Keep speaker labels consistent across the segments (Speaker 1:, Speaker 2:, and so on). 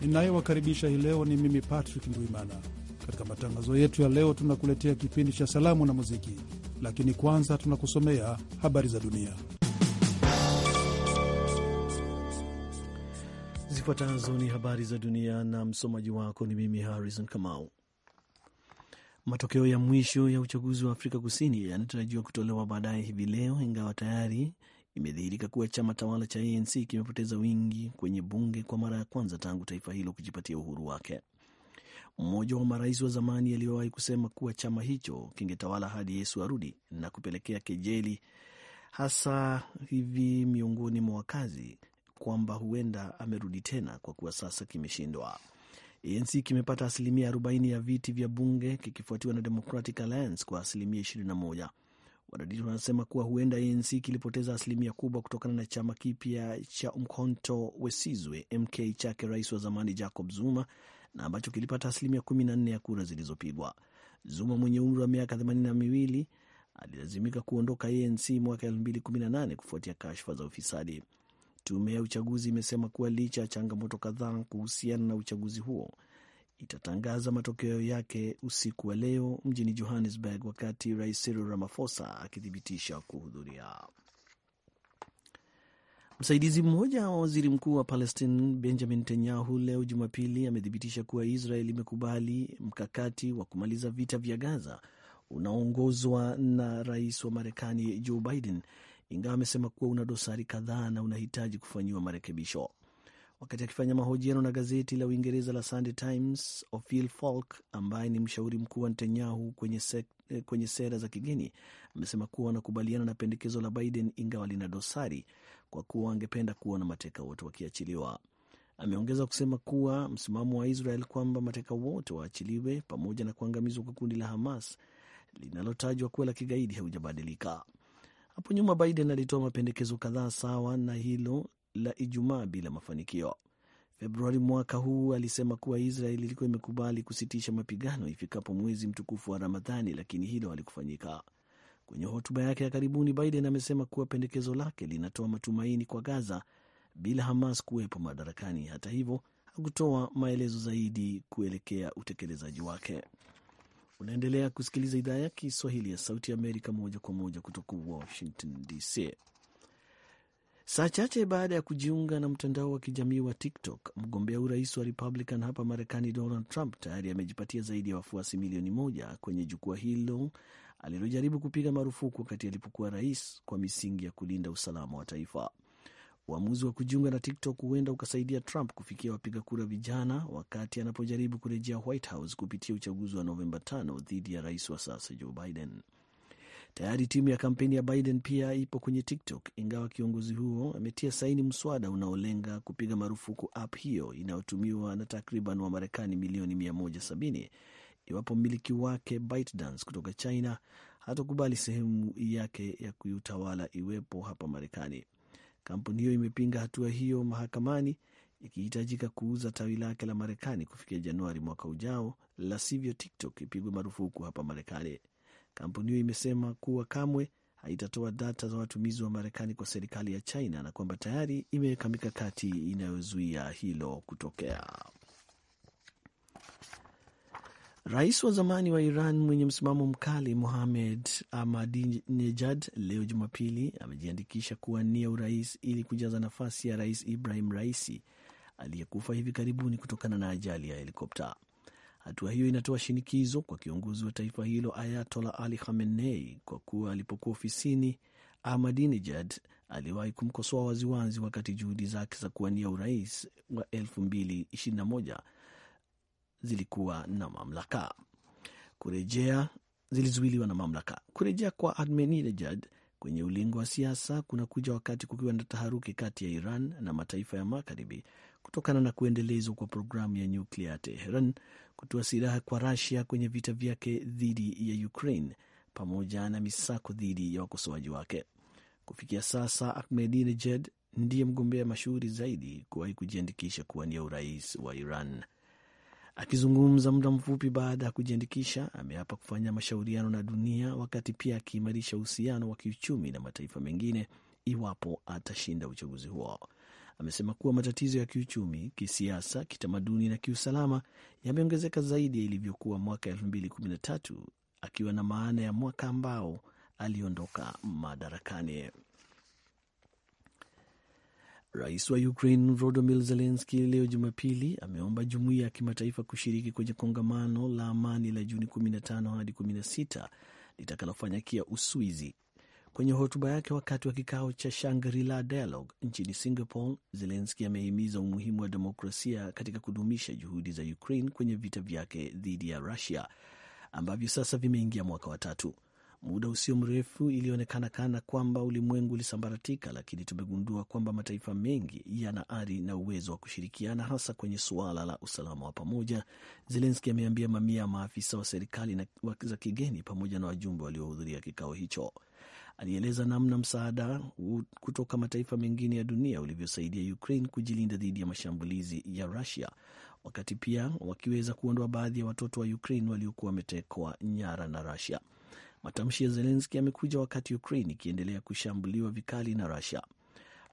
Speaker 1: ninayewakaribisha hii leo ni mimi Patrick Ndwimana. Katika matangazo yetu ya leo, tunakuletea kipindi cha salamu na muziki, lakini kwanza tunakusomea habari za dunia zifuatazo. Ni habari za dunia na msomaji
Speaker 2: wako ni mimi Harrison Kamau. Matokeo ya mwisho ya uchaguzi wa Afrika Kusini yanatarajiwa kutolewa baadaye hivi leo, ingawa tayari Imedhihirika kuwa chama tawala cha ANC kimepoteza wingi kwenye bunge kwa mara ya kwanza tangu taifa hilo kujipatia uhuru wake. Mmoja wa marais wa zamani aliyowahi kusema kuwa chama hicho kingetawala hadi Yesu arudi na kupelekea kejeli hasa hivi miongoni mwa wakazi kwamba huenda amerudi tena kwa kuwa sasa kimeshindwa. ANC kimepata asilimia 40 ya viti vya bunge kikifuatiwa na Democratic Alliance kwa asilimia 21. Wadadisi wanasema kuwa huenda ANC kilipoteza asilimia kubwa kutokana na chama kipya cha mkonto Wesizwe MK chake rais wa zamani Jacob Zuma na ambacho kilipata asilimia kumi na nne ya kura zilizopigwa. Zuma mwenye umri wa miaka themanini na miwili alilazimika kuondoka ANC mwaka elfu mbili kumi na nane kufuatia kashfa za ufisadi. Tume ya uchaguzi imesema kuwa licha ya changamoto kadhaa kuhusiana na uchaguzi huo, itatangaza matokeo yake usiku wa leo mjini Johannesburg, wakati Rais Cyril Ramaphosa akithibitisha kuhudhuria. Msaidizi mmoja wa waziri mkuu wa Palestine Benjamin Netanyahu leo Jumapili amethibitisha kuwa Israel imekubali mkakati wa kumaliza vita vya Gaza unaoongozwa na rais wa Marekani Joe Biden, ingawa amesema kuwa una dosari kadhaa na unahitaji kufanyiwa marekebisho. Wakati akifanya mahojiano na gazeti la Uingereza la Sunday Times, Ofil Falk ambaye ni mshauri mkuu wa Netanyahu kwenye, se, eh, kwenye sera za kigeni amesema kuwa wanakubaliana na pendekezo la Biden ingawa lina dosari kwa kuwa wangependa kuona mateka wote wakiachiliwa. Ameongeza kusema kuwa msimamo wa Israel kwamba mateka wote waachiliwe pamoja na kuangamizwa kwa kundi la Hamas linalotajwa kuwa la kigaidi haujabadilika. Hapo nyuma Biden alitoa mapendekezo kadhaa sawa na hilo la Ijumaa bila mafanikio. Februari mwaka huu alisema kuwa Israel ilikuwa imekubali kusitisha mapigano ifikapo mwezi mtukufu wa Ramadhani, lakini hilo halikufanyika. Kwenye hotuba yake ya karibuni, Biden amesema kuwa pendekezo lake linatoa matumaini kwa Gaza bila Hamas kuwepo madarakani. Hata hivyo, hakutoa maelezo zaidi kuelekea utekelezaji wake. Unaendelea kusikiliza idhaa ya Kiswahili ya Sauti ya Amerika moja kwa moja kutoka Washington DC. Saa chache baada ya kujiunga na mtandao wa kijamii wa TikTok, mgombea urais wa Republican hapa Marekani Donald Trump tayari amejipatia zaidi ya wafuasi milioni moja kwenye jukwaa hilo alilojaribu kupiga marufuku wakati alipokuwa rais kwa misingi ya kulinda usalama wa taifa. Uamuzi wa kujiunga na TikTok huenda ukasaidia Trump kufikia wapiga kura vijana wakati anapojaribu kurejea White House kupitia uchaguzi wa Novemba 5 dhidi ya rais wa sasa Joe Biden. Tayari timu ya kampeni ya Biden pia ipo kwenye TikTok, ingawa kiongozi huo ametia saini mswada unaolenga kupiga marufuku app hiyo inayotumiwa na takriban wa marekani milioni 170 iwapo mmiliki wake ByteDance kutoka China hatakubali sehemu yake ya kuiutawala iwepo hapa Marekani. Kampuni hiyo imepinga hatua hiyo mahakamani ikihitajika kuuza tawi lake la Marekani kufikia Januari mwaka ujao, la sivyo TikTok ipigwe marufuku hapa Marekani. Kampuni hiyo imesema kuwa kamwe haitatoa data za watumizi wa Marekani kwa serikali ya China na kwamba tayari imeweka mikakati inayozuia hilo kutokea. Rais wa zamani wa Iran mwenye msimamo mkali Mohamed Ahmadinejad leo Jumapili amejiandikisha kuwania urais ili kujaza nafasi ya Rais Ibrahim Raisi aliyekufa hivi karibuni kutokana na ajali ya helikopta. Hatua hiyo inatoa shinikizo kwa kiongozi wa taifa hilo Ayatola Ali Khamenei kwa kuwa alipokuwa ofisini Ahmadinejad aliwahi kumkosoa waziwazi wakati juhudi zake za kuwania urais wa 2021 zilikuwa na mamlaka kurejea zilizuiliwa na mamlaka. Kurejea kwa Ahmadinejad kwenye ulingo wa siasa kunakuja wakati kukiwa na taharuki kati ya Iran na mataifa ya Magharibi kutokana na kuendelezwa kwa programu ya nyuklia ya Teheran kutoa silaha kwa rasia kwenye vita vyake dhidi ya Ukraine pamoja na misako dhidi ya wakosoaji wake. Kufikia sasa, Ahmadinejad ndiye mgombea mashuhuri zaidi kuwahi kujiandikisha kuwania urais wa Iran. Akizungumza muda mfupi baada ya kujiandikisha, ameapa kufanya mashauriano na dunia, wakati pia akiimarisha uhusiano wa kiuchumi na mataifa mengine iwapo atashinda uchaguzi huo amesema kuwa matatizo ya kiuchumi, kisiasa, kitamaduni na kiusalama yameongezeka zaidi ya ilivyokuwa mwaka 2013 akiwa na maana ya mwaka ambao aliondoka madarakani. Rais wa Ukraine Volodymyr Zelensky leo Jumapili ameomba jumuiya ya kimataifa kushiriki kwenye kongamano la amani la Juni 15 hadi 16 litakalofanyikia Uswizi Kwenye hotuba yake wakati wa kikao cha Shangri-La Dialogue nchini Singapore, zelenski amehimiza umuhimu wa demokrasia katika kudumisha juhudi za Ukraine kwenye vita vyake dhidi ya Russia ambavyo sasa vimeingia mwaka wa tatu. Muda usio mrefu ilionekana kana kwamba ulimwengu ulisambaratika, lakini tumegundua kwamba mataifa mengi yana ari na uwezo wa kushirikiana, hasa kwenye suala la usalama wa pamoja, Zelenski ameambia mamia ya maafisa wa serikali za kigeni pamoja na wajumbe waliohudhuria kikao hicho alieleza namna msaada kutoka mataifa mengine ya dunia ulivyosaidia Ukraine kujilinda dhidi ya mashambulizi ya Rusia, wakati pia wakiweza kuondoa baadhi ya watoto wa Ukraine waliokuwa wametekwa nyara na Rusia. Matamshi ya Zelenski yamekuja wakati Ukraine ikiendelea kushambuliwa vikali na rasia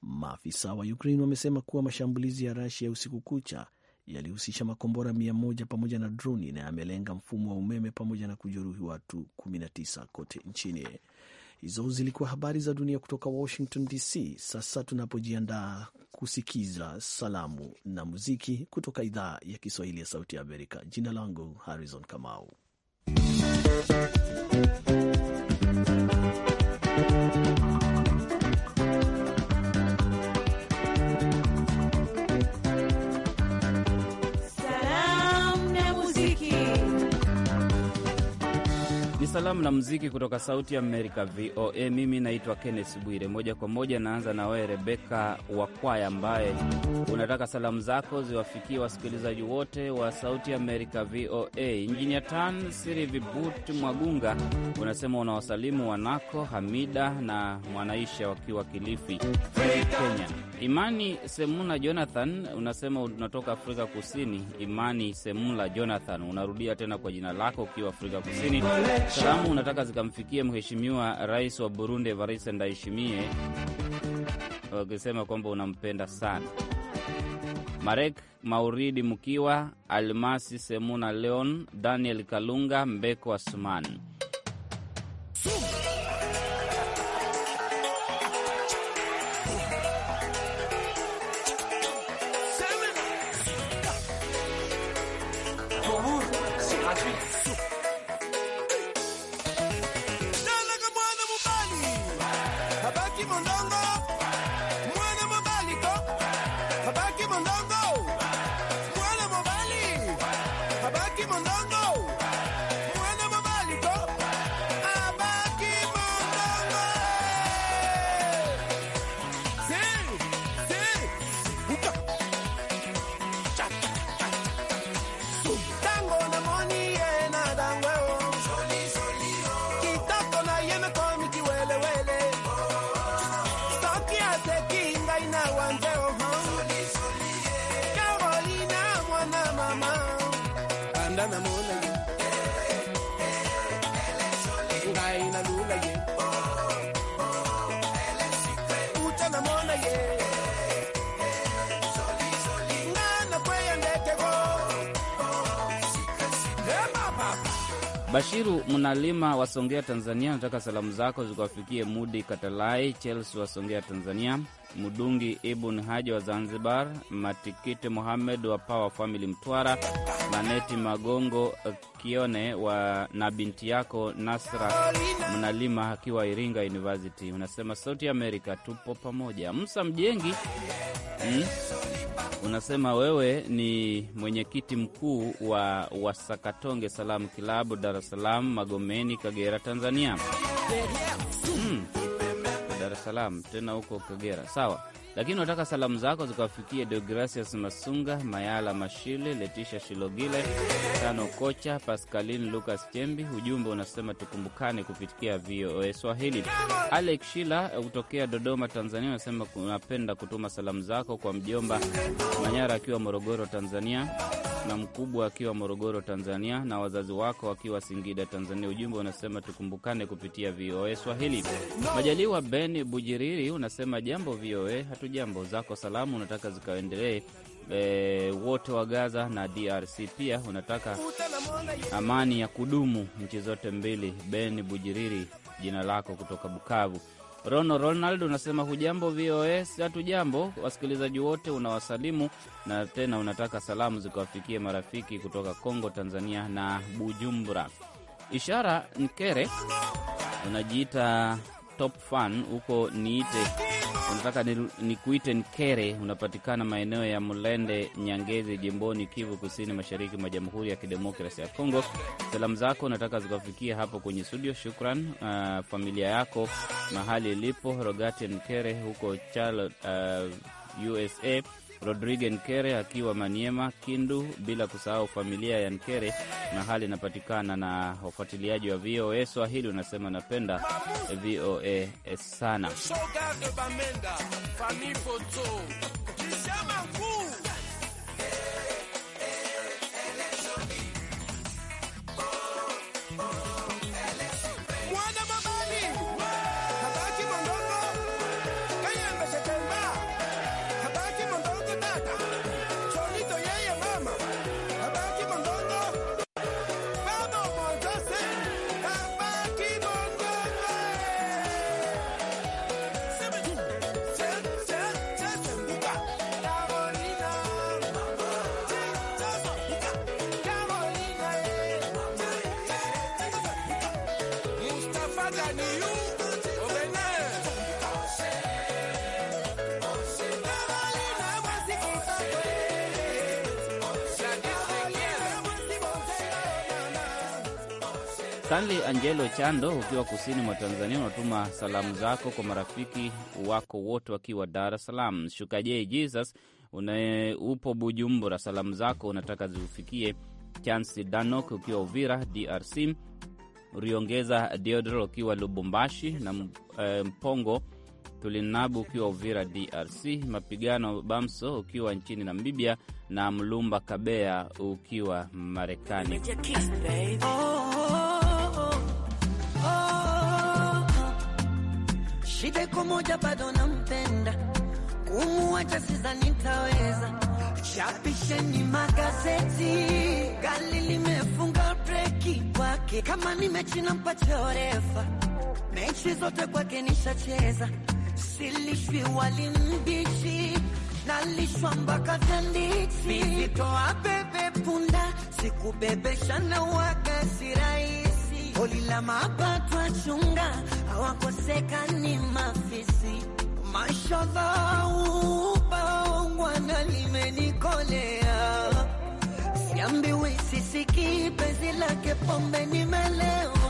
Speaker 2: Maafisa wa Ukraine wamesema kuwa mashambulizi ya Rusia usiku kucha yalihusisha makombora mia moja pamoja na droni na yamelenga mfumo wa umeme pamoja na kujeruhi watu 19 kote nchini. Hizo zilikuwa habari za dunia kutoka Washington DC. Sasa tunapojiandaa kusikiza salamu na muziki kutoka idhaa ya Kiswahili ya Sauti ya Amerika, jina langu Harrison Kamau.
Speaker 3: salamu na muziki kutoka Sauti ya Amerika, VOA. Mimi naitwa Kenneth Bwire. Moja kwa moja naanza na wewe Rebeka Wakwaya, ambaye unataka salamu zako ziwafikie wasikilizaji wote wa Sauti ya Amerika, VOA. Injinia Tan Siri Vibut Mwagunga, unasema unawasalimu wanako Hamida na Mwanaisha wakiwa Kilifi, Kenya. Imani Semula Jonathan, unasema unatoka Afrika Kusini. Imani Semula Jonathan, unarudia tena kwa jina lako ukiwa Afrika Kusini. Salamu unataka zikamfikie Mheshimiwa Rais wa Burundi Evariste Ndayishimiye, wakisema kwamba unampenda sana. Marek Mauridi Mkiwa, Almasi Semuna Leon, Daniel Kalunga, Mbeko Asumani Bashiru Mnalima wasongea Tanzania, nataka salamu zako zikawafikie Mudi Katalai Chelsea wa Songea, Tanzania, Mudungi Ibun Haji wa Zanzibar, Matikiti muhammed wa Power Family Mtwara, Maneti Magongo eh, Kione wa na binti yako Nasra Mnalima akiwa Iringa University. Unasema Sauti ya Amerika tupo pamoja. Msa Mjengi hmm? Unasema wewe ni mwenyekiti mkuu wa Wasakatonge Salamu Kilabu, Dar es Salaam, Magomeni, Kagera, Tanzania.
Speaker 4: Hmm.
Speaker 3: hmm. Dar es Salaam tena huko Kagera, sawa lakini unataka salamu zako zikawafikie Deogracias Masunga, Mayala Mashile, Letisha Shilogile, Tano Kocha, paskalin Lucas Chembi. Ujumbe unasema tukumbukane kupitikia VOA Swahili. Alex Shila eh, kutokea Dodoma, Tanzania, unasema unapenda kutuma salamu zako kwa mjomba Manyara akiwa Morogoro, Tanzania na mkubwa akiwa Morogoro, Tanzania, na wazazi wako wakiwa Singida, Tanzania. Ujumbe unasema tukumbukane kupitia VOA Swahili. Majaliwa Ben Bujiriri unasema jambo VOA, hatujambo. Zako salamu unataka zikaendelee E, wote wa Gaza na DRC pia unataka amani ya kudumu nchi zote mbili. Ben Bujiriri jina lako kutoka Bukavu. Rono Ronald unasema hujambo VOA. Hatu jambo wasikilizaji wote, unawasalimu na tena unataka salamu zikawafikie marafiki kutoka Kongo, Tanzania na Bujumbura. Ishara Nkere unajiita top fan huko niite Unataka nikuite ni Nkere, unapatikana maeneo ya Mlende, Nyangezi, jimboni Kivu Kusini, mashariki mwa Jamhuri ya Kidemokrasi ya Kongo. Salamu zako unataka zikafikia hapo kwenye studio. Shukran uh, familia yako mahali ilipo, Rogate Nkere huko Charlotte, uh, ah, USA Rodrigue Nkere akiwa Maniema, Kindu, bila kusahau familia ya Nkere. Na hali inapatikana na wafuatiliaji wa VOA Swahili unasema napenda VOA sana. Stanley Angelo Chando, ukiwa kusini mwa Tanzania, unatuma salamu zako kwa marafiki wako wote wakiwa Dar es Salaam. Shukajei Jesus une, upo Bujumbura, salamu zako unataka ziufikie Chansi Danok ukiwa Uvira DRC, uriongeza Deodro ukiwa Lubumbashi na eh, Mpongo Tulinabu ukiwa Uvira DRC, Mapigano Bamso ukiwa nchini Namibia na Mlumba Kabea ukiwa Marekani.
Speaker 4: Shida iko moja, bado nampenda, kumuacha sidhani nitaweza. Chapisheni magazeti, gari limefunga breki kwake. Kama ni mechi nampa orefa mechi zote kwake nishacheza. Silishwi wali mbichi, nalishwa mpaka tanditi. Mizitoa bebe punda, sikubebesha na wakasira Olila mapatu wachunga ni mafisi mashodhau baongwana limenikolea siambiwi sisiki penzi lake pombe nimelewa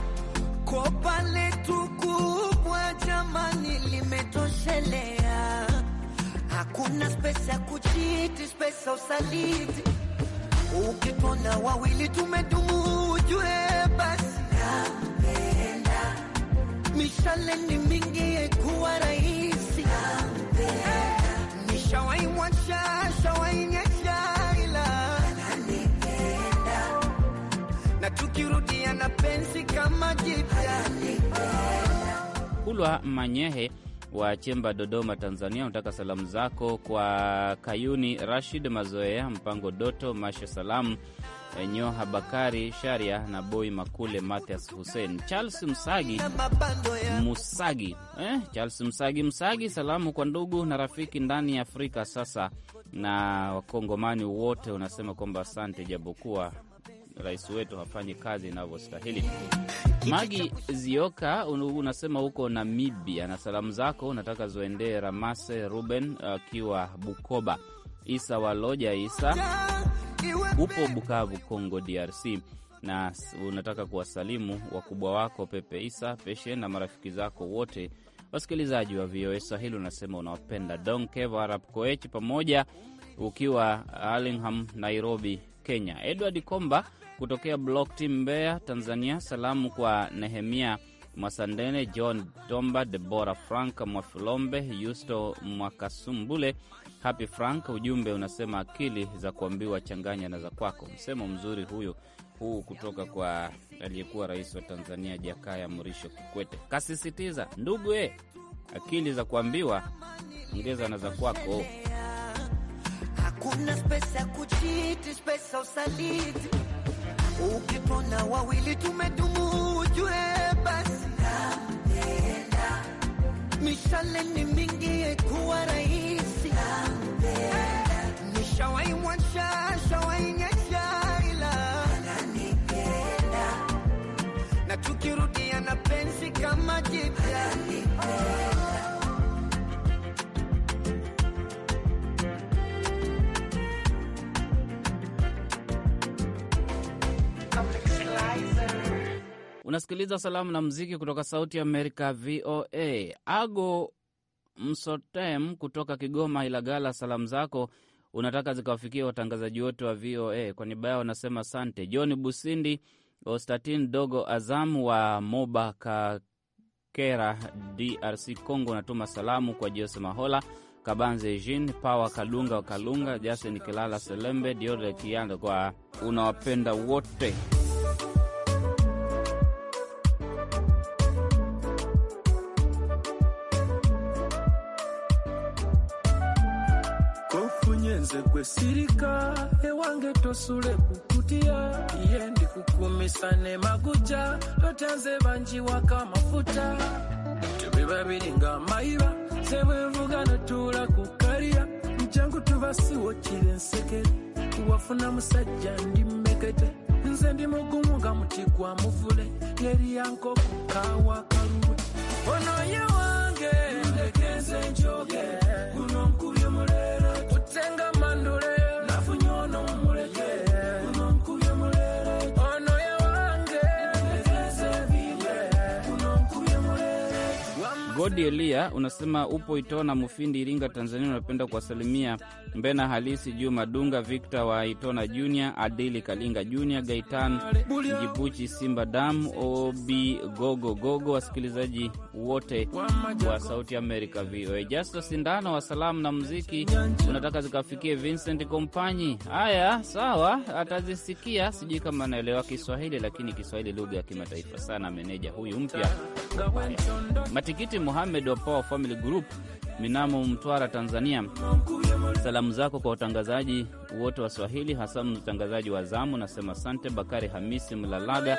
Speaker 4: kopa letu kubwa jamani limetoshelea hakuna spesa ya kuchiti spesa usaliti ukitona wawili tumedumu ujue basi mishale ni mingi rahisi ila na tukirudia na kama jipya.
Speaker 3: Kulwa Manyehe wa Chemba, Dodoma, Tanzania, unataka salamu zako kwa Kayuni Rashid Mazoea, Mpango Doto, Masha Salamu Nyoha Bakari Sharia na Boi Makule Mathias Hussein Charles Msagi Musagi eh, Charles Msagi Msagi, salamu kwa ndugu na rafiki ndani ya Afrika sasa na Wakongomani wote, unasema kwamba asante, japokuwa rais wetu hafanyi kazi inavyostahili. Magi Zioka unasema huko Namibia na salamu zako unataka zoendee Ramase Ruben akiwa Bukoba, Isa Waloja Isa upo Bukavu, Congo DRC, na unataka kuwasalimu wakubwa wako Pepe Isa Peshe na marafiki zako wote wasikilizaji wa VOA Swahili. Unasema unawapenda donkevarapkoech Arab Koech pamoja, ukiwa alingham Nairobi, Kenya. Edward Komba kutokea Block Team Mbeya, Tanzania, salamu kwa Nehemia Mwasandene, John Domba, Debora Frank Mwafilombe, Yusto Mwakasumbule, Happy Frank. Ujumbe unasema akili za kuambiwa changanya na za kwako. Msemo mzuri huyo huu kutoka kwa aliyekuwa rais wa Tanzania Jakaya Mrisho Kikwete. Kasisitiza ndugu e, akili za kuambiwa ongeza na za kwako.
Speaker 4: Hakuna spesa kuchiti, spesa usaliti ukipona wawili tumedumu, ujue basi mishale ni mingi, kuwa rahisi nishawaimwacha shawainyesha, ila na tukirudia na penzi kama jipya
Speaker 3: Unasikiliza salamu na mziki kutoka Sauti ya Amerika, VOA. Ago Msotem kutoka Kigoma, Ilagala, salamu zako unataka zikawafikia watangazaji wote wa VOA. Kwa niaba yao wanasema sante John Busindi, Ostatin Dogo Azam wa Moba Kakera, DRC Congo, unatuma salamu kwa Jose Mahola Kabanze, Jin Pawa Kalunga wa Kalunga, Jasen Kilala Selembe, Diodre Kianda, kwa unawapenda wote.
Speaker 4: sirika ewange tosule kukutia iye ndikukumisane maguja totanze banjiwaka mafuta tube babiri nga mayiba sebwevuga notula kukalira mjangu tubasiwo kire nsekere wafuna musajja ndi mmekete nze ndi mugumu nga muti gwa muvule yeri yankokukawa kalulu
Speaker 3: onoye wange ndekeze njogera Godi Elia unasema upo Itona Mufindi, Iringa, Tanzania. Unapenda kuwasalimia Mbena Halisi Juma Dunga, Victor wa Itona Junior, Adili Kalinga Junior, Gaitan Jibuchi, Simba Dam, Obi Gogo Gogo, wasikilizaji wote wa Sauti Amerika VOA. Jasto Sindano wa salamu na muziki unataka zikafikie Vincent Kompanyi. Haya, sawa, atazisikia. Sijui kama anaelewa Kiswahili, lakini Kiswahili lugha ya kimataifa sana, meneja huyu mpya. Matikiti Mohamed wa Power Family Group Minamo, Mtwara, Tanzania. Salamu zako kwa watangazaji wote wa Swahili, hasa mtangazaji wa zamu, nasema sante Bakari Hamisi Mlalaga,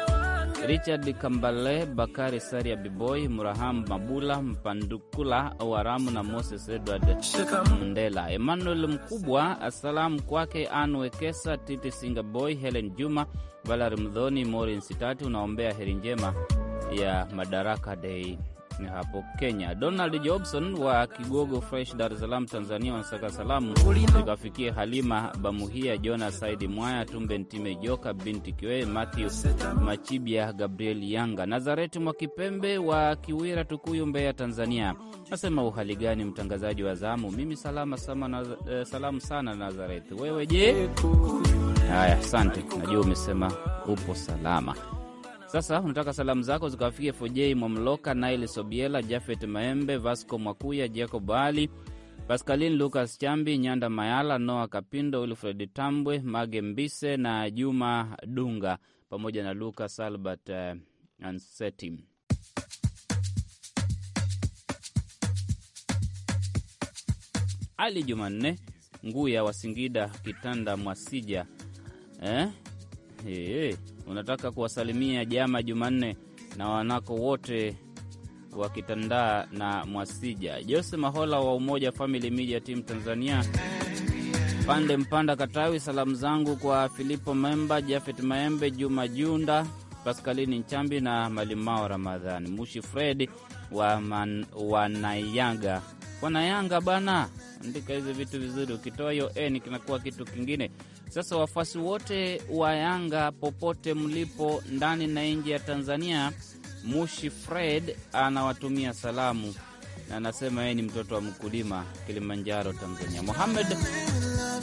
Speaker 3: Richard Kambale, Bakari Saria, Biboy Murahamu, Mabula Mpandukula Waramu na Moses Edward Mndela. Emmanuel Mkubwa, asalamu kwake Anwekesa, Titi Singaboy, Helen Juma, Valari Mdhoni, Morin Sitatu, unaombea heri njema ya Madaraka Dei ni hapo Kenya. Donald Jobson wa Kigogo Fresh, Dar es Salaam, Tanzania, wanasaka salamu zikafikie Halima Bamuhia, Jona Saidi Mwaya, Tumbe Ntime Joka, binti Kiwe, Matthew Machibia, Gabriel Yanga, Nazareti mwa Kipembe wa Kiwira, Tukuyu, Mbeya, Tanzania. Nasema uhali gani mtangazaji wa zamu? Mimi salama sama na, eh, salamu sana Nazareti. Wewe je? Haya, asante, najua umesema upo salama. Sasa unataka salamu zako zikawafikia Fojei Mwamloka, Naili Sobiela, Jafet Maembe, Vasco Mwakuya, Jacob Ali, Paskalin Lukas Chambi, Nyanda Mayala, Noa Kapindo, Wilfred Tambwe, Mage Mbise na Juma Dunga, pamoja na Lukas Albert uh, Anseti. Ali Jumanne Nguya wa Singida, Kitanda Mwasija eh? Hey, unataka kuwasalimia Jama Jumanne na wanako wote wa Kitandaa na Mwasija, Jose Mahola wa Umoja Family Media Team Tanzania, Pande Mpanda Katawi. Salamu zangu kwa Filipo Memba, Jafet Maembe, Juma Junda, Paskalini Nchambi na Malimao Ramadhani Mushi, Fred wa man, wanayanga wanayanga bana, andika hizi vitu vizuri. Ukitoa hiyo n kinakuwa kitu kingine. Sasa wafuasi wote wa Yanga popote mlipo, ndani na nje ya Tanzania, Mushi Fred anawatumia salamu na anasema yeye ni mtoto wa mkulima, Kilimanjaro, Tanzania. Muhamed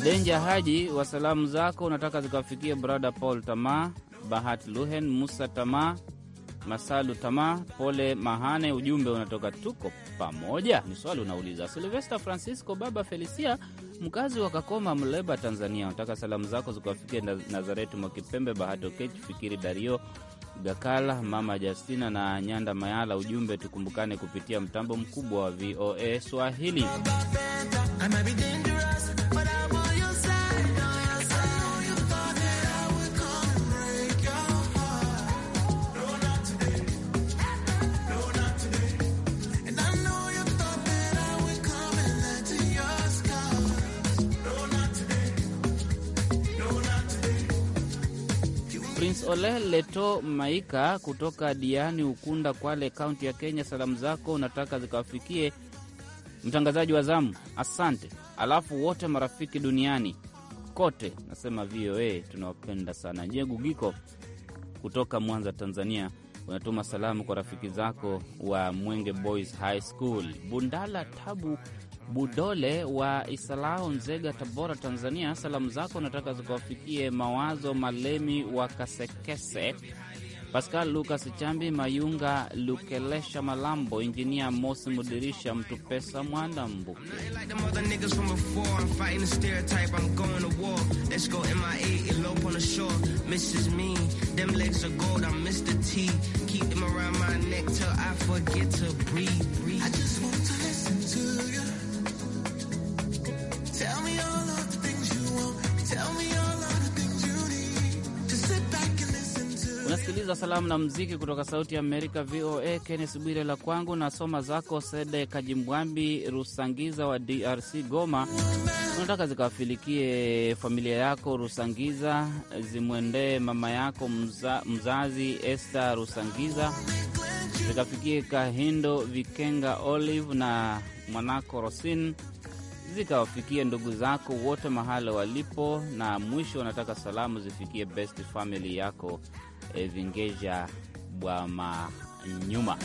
Speaker 3: Denja Haji, wa salamu zako unataka zikawafikia brada Paul Tamaa, bahat Luhen, Musa Tamaa, Masalu Tamaa, pole Mahane. Ujumbe unatoka tuko pamoja, ni swali unauliza. Silvesta Francisco, baba Felicia, mkazi wa Kakoma, Mleba, Tanzania, unataka salamu zako zikuwafikia Nazaretu Mwakipembe, Bahato Kechi, Fikiri Dario Gakala, mama Justina na Nyanda Mayala. Ujumbe, tukumbukane kupitia mtambo mkubwa wa VOA Swahili. Ole Leto Maika kutoka Diani Ukunda, Kwale, kaunti ya Kenya, salamu zako unataka zikawafikie mtangazaji wa zamu, asante. Alafu wote marafiki duniani kote, nasema VOA tunawapenda sana. Gugiko kutoka Mwanza, Tanzania, unatuma salamu kwa rafiki zako wa Mwenge Boys High School, Bundala Tabu Budole wa Isalao, Nzega, Tabora, Tanzania. Salamu zako nataka zikawafikie Mawazo Malemi wa Kasekese, Pascal Lukas Chambi Mayunga, Lukelesha Malambo, Injinia Mosi Mudirisha, Mtu Pesa Mwanda Mbuku. unasikiliza salamu na mziki kutoka Sauti ya Amerika, VOA. Kennes Bwire la kwangu na soma zako. Sede Kajimbwambi Rusangiza wa DRC, Goma, unataka zikawafilikie familia yako Rusangiza, zimwendee mama yako mza, mzazi Esta Rusangiza, zikafikie Kahindo Vikenga Olive na mwanako Rosin, zikawafikie ndugu zako wote mahala walipo, na mwisho unataka salamu zifikie best family yako Vingeja Bwamanyuma.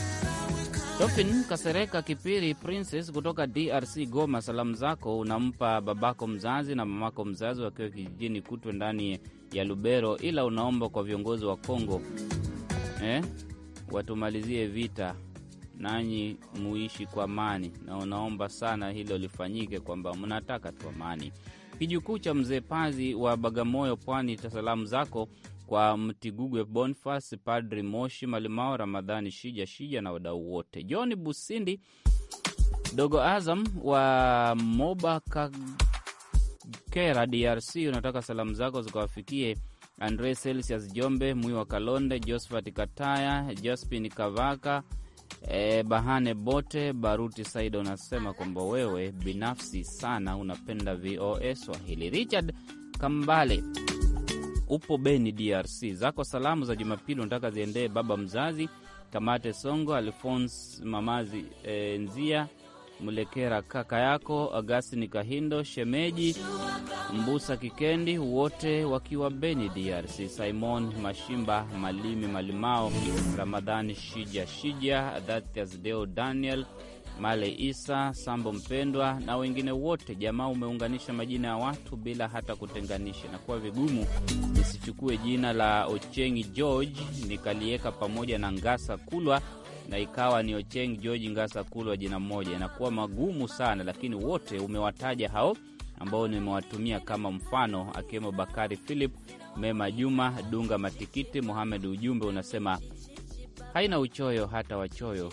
Speaker 3: Topin Kasereka Kipiri Princess kutoka DRC Goma, salamu zako unampa babako mzazi na mamako mzazi wakiwa kijijini Kutwe ndani ya Lubero, ila unaomba kwa viongozi wa Kongo eh, watumalizie vita nanyi muishi kwa amani, na unaomba sana hilo lifanyike, kwamba mnataka tu amani. Kijukuu cha mzee Pazi wa Bagamoyo, Pwani, salamu zako kwa Mtigugwe Bonfas, Padri Moshi Malimao, Ramadhani Shija Shija na wadau wote, John Busindi Dogo Azam wa Moba Kera, DRC, unataka salamu zako zikawafikie Andre Celsius Jombe Mwi wa Kalonde, Josephat Kataya, Jaspin Kavaka, eh, Bahane Bote, Baruti Saida. Unasema kwamba wewe binafsi sana unapenda VOA Swahili. Richard Kambale upo Beni, DRC. Zako salamu za Jumapili unataka ziendee baba mzazi Kamate Songo, Alfons Mamazi e, Nzia Mlekera, kaka yako agasini Kahindo, shemeji Mbusa Kikendi, wote wakiwa Beni, DRC. Simon Mashimba, Malimi Malimao, Ramadhani Shija Shija, Dhatias Deo, Daniel Male Isa, Sambo Mpendwa na wengine wote. Jamaa umeunganisha majina ya watu bila hata kutenganisha. Inakuwa vigumu nisichukue jina la Ochengi George nikaliweka pamoja na Ngasa Kulwa na ikawa ni Ocheng George Ngasa Kulwa jina mmoja, inakuwa magumu sana, lakini wote umewataja hao ambao nimewatumia kama mfano, akiwemo Bakari Philip, Mema Juma, Dunga Matikiti, muhamed Ujumbe unasema haina uchoyo hata wachoyo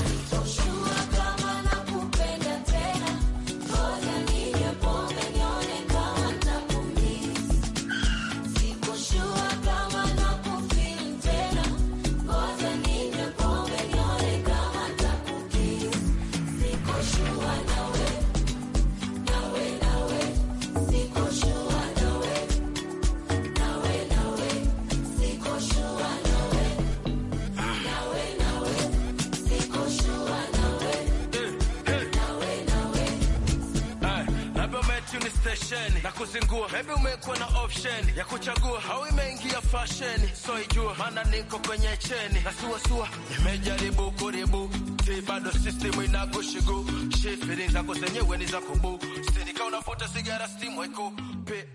Speaker 4: vision na kuzingua, maybe umekuwa na option ya kuchagua au imeingia fashion, so ijua maana niko kwenye cheni na suasua, nimejaribu kuribu ti bado system inagushigu shifiri zako zenyewe ni za kubu sinika unavuta sigara stimu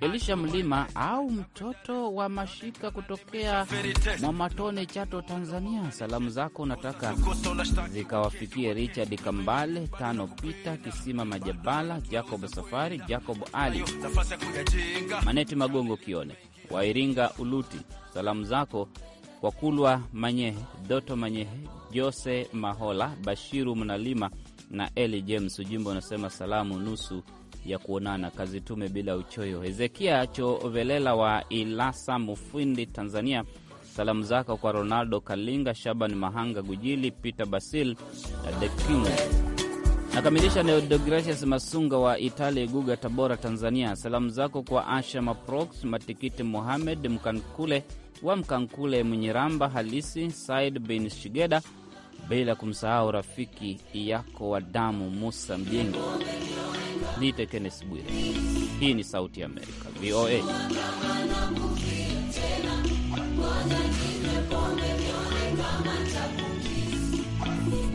Speaker 3: Elisha Mlima au mtoto wa Mashika kutokea Mwamatone, Chato, Tanzania. Salamu zako nataka zikawafikie Richard Kambale, Tano Pita Kisima, Majabala, Jacob Safari, Jacob Ali, Maneti Magongo, Kione Wairinga, Uluti. Salamu zako kwa Kulwa Manyehe, Doto Manyehe, Jose Mahola, Bashiru Mnalima na Eli James. Ujimbo unasema salamu nusu ya kuonana kazi tume bila uchoyo. Hezekia Chovelela wa Ilasa, Mufindi, Tanzania, salamu zako kwa Ronaldo Kalinga, Shaban Mahanga Gujili, Peter Basil na Dekin. Nakamilisha na Deogratius Masunga wa Italia, Iguga, Tabora, Tanzania. Salamu zako kwa Asha Maprox Matikiti, Mohamed Mkankule wa Mkankule, Mnyiramba Halisi, Said bin Shigeda, bila kumsahau rafiki yako wa damu Musa Mjengo. Niite Kennes Bwire. Hii ni Sauti ya Amerika, VOA.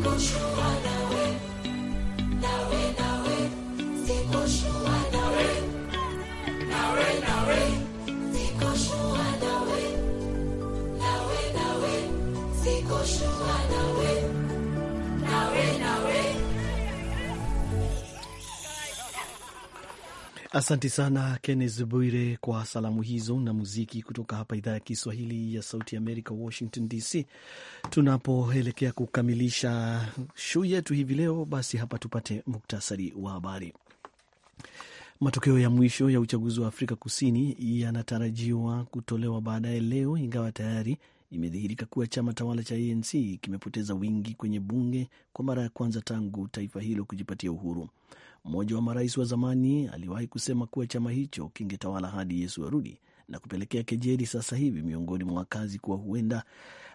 Speaker 4: Siko shua nawe
Speaker 2: Asante sana Kennes Bwire kwa salamu hizo na muziki kutoka hapa idhaa ya Kiswahili ya Sauti Amerika, Washington DC. Tunapoelekea kukamilisha shuu yetu hivi leo, basi hapa tupate muktasari wa habari. Matokeo ya mwisho ya uchaguzi wa Afrika Kusini yanatarajiwa kutolewa baadaye leo, ingawa tayari imedhihirika kuwa chama tawala cha ANC kimepoteza wingi kwenye bunge kwa mara ya kwanza tangu taifa hilo kujipatia uhuru. Mmoja wa marais wa zamani aliwahi kusema kuwa chama hicho kingetawala hadi Yesu arudi na kupelekea kejeli sasa hivi miongoni mwa wakazi kuwa huenda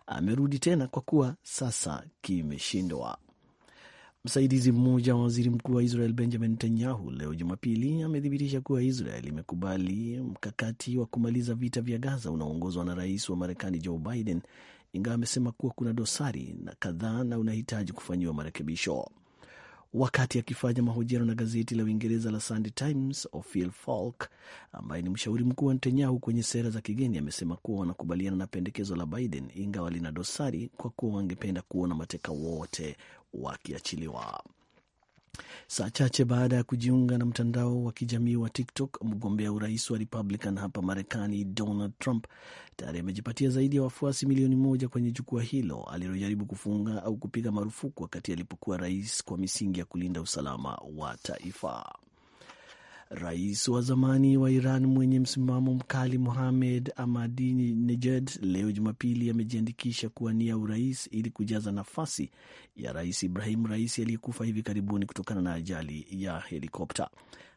Speaker 2: amerudi tena kwa kuwa sasa kimeshindwa. Msaidizi mmoja wa waziri mkuu wa Israel Benjamin Netanyahu leo Jumapili amethibitisha kuwa Israel imekubali mkakati wa kumaliza vita vya Gaza unaoongozwa na rais wa Marekani Joe Biden, ingawa amesema kuwa kuna dosari na kadhaa na unahitaji kufanyiwa marekebisho. Wakati akifanya mahojiano na gazeti la Uingereza la Sunday Times, Ophir Falk ambaye ni mshauri mkuu wa Netanyahu kwenye sera za kigeni amesema kuwa wanakubaliana na pendekezo la Biden, ingawa lina dosari kwa kuwa wangependa kuona mateka wote wakiachiliwa. Saa chache baada ya kujiunga na mtandao wa kijamii wa TikTok, mgombea urais wa Republican hapa Marekani Donald Trump tayari amejipatia zaidi ya wafuasi milioni moja kwenye jukwaa hilo alilojaribu kufunga au kupiga marufuku wakati alipokuwa rais kwa misingi ya kulinda usalama wa taifa. Rais wa zamani wa Iran mwenye msimamo mkali Mohamed Ahmadinejad leo Jumapili amejiandikisha kuwania urais ili kujaza nafasi ya Rais Ibrahim Raisi aliyekufa hivi karibuni kutokana na ajali ya helikopta.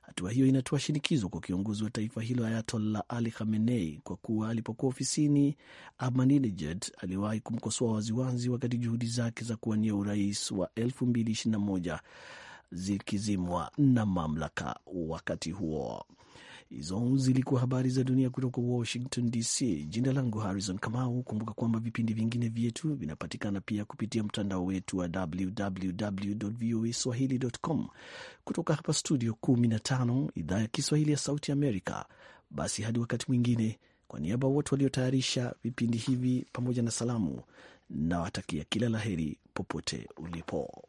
Speaker 2: Hatua hiyo inatoa shinikizo kwa kiongozi wa taifa hilo Ayatollah Ali Khamenei kwa kuwa alipokuwa ofisini, Ahmadinejad aliwahi kumkosoa waziwazi wakati juhudi zake za kuwania urais wa 2021 zikizimwa na mamlaka wakati huo. Hizo zilikuwa habari za dunia kutoka Washington DC. Jina langu Harrison Kamau. Kumbuka kwamba vipindi vingine vyetu vinapatikana pia kupitia mtandao wetu wa www.voaswahili.com kutoka hapa studio 15 idhaa ya Kiswahili ya Sauti Amerika. Basi hadi wakati mwingine, kwa niaba ya wote waliotayarisha vipindi hivi pamoja na salamu, nawatakia kila laheri popote ulipo.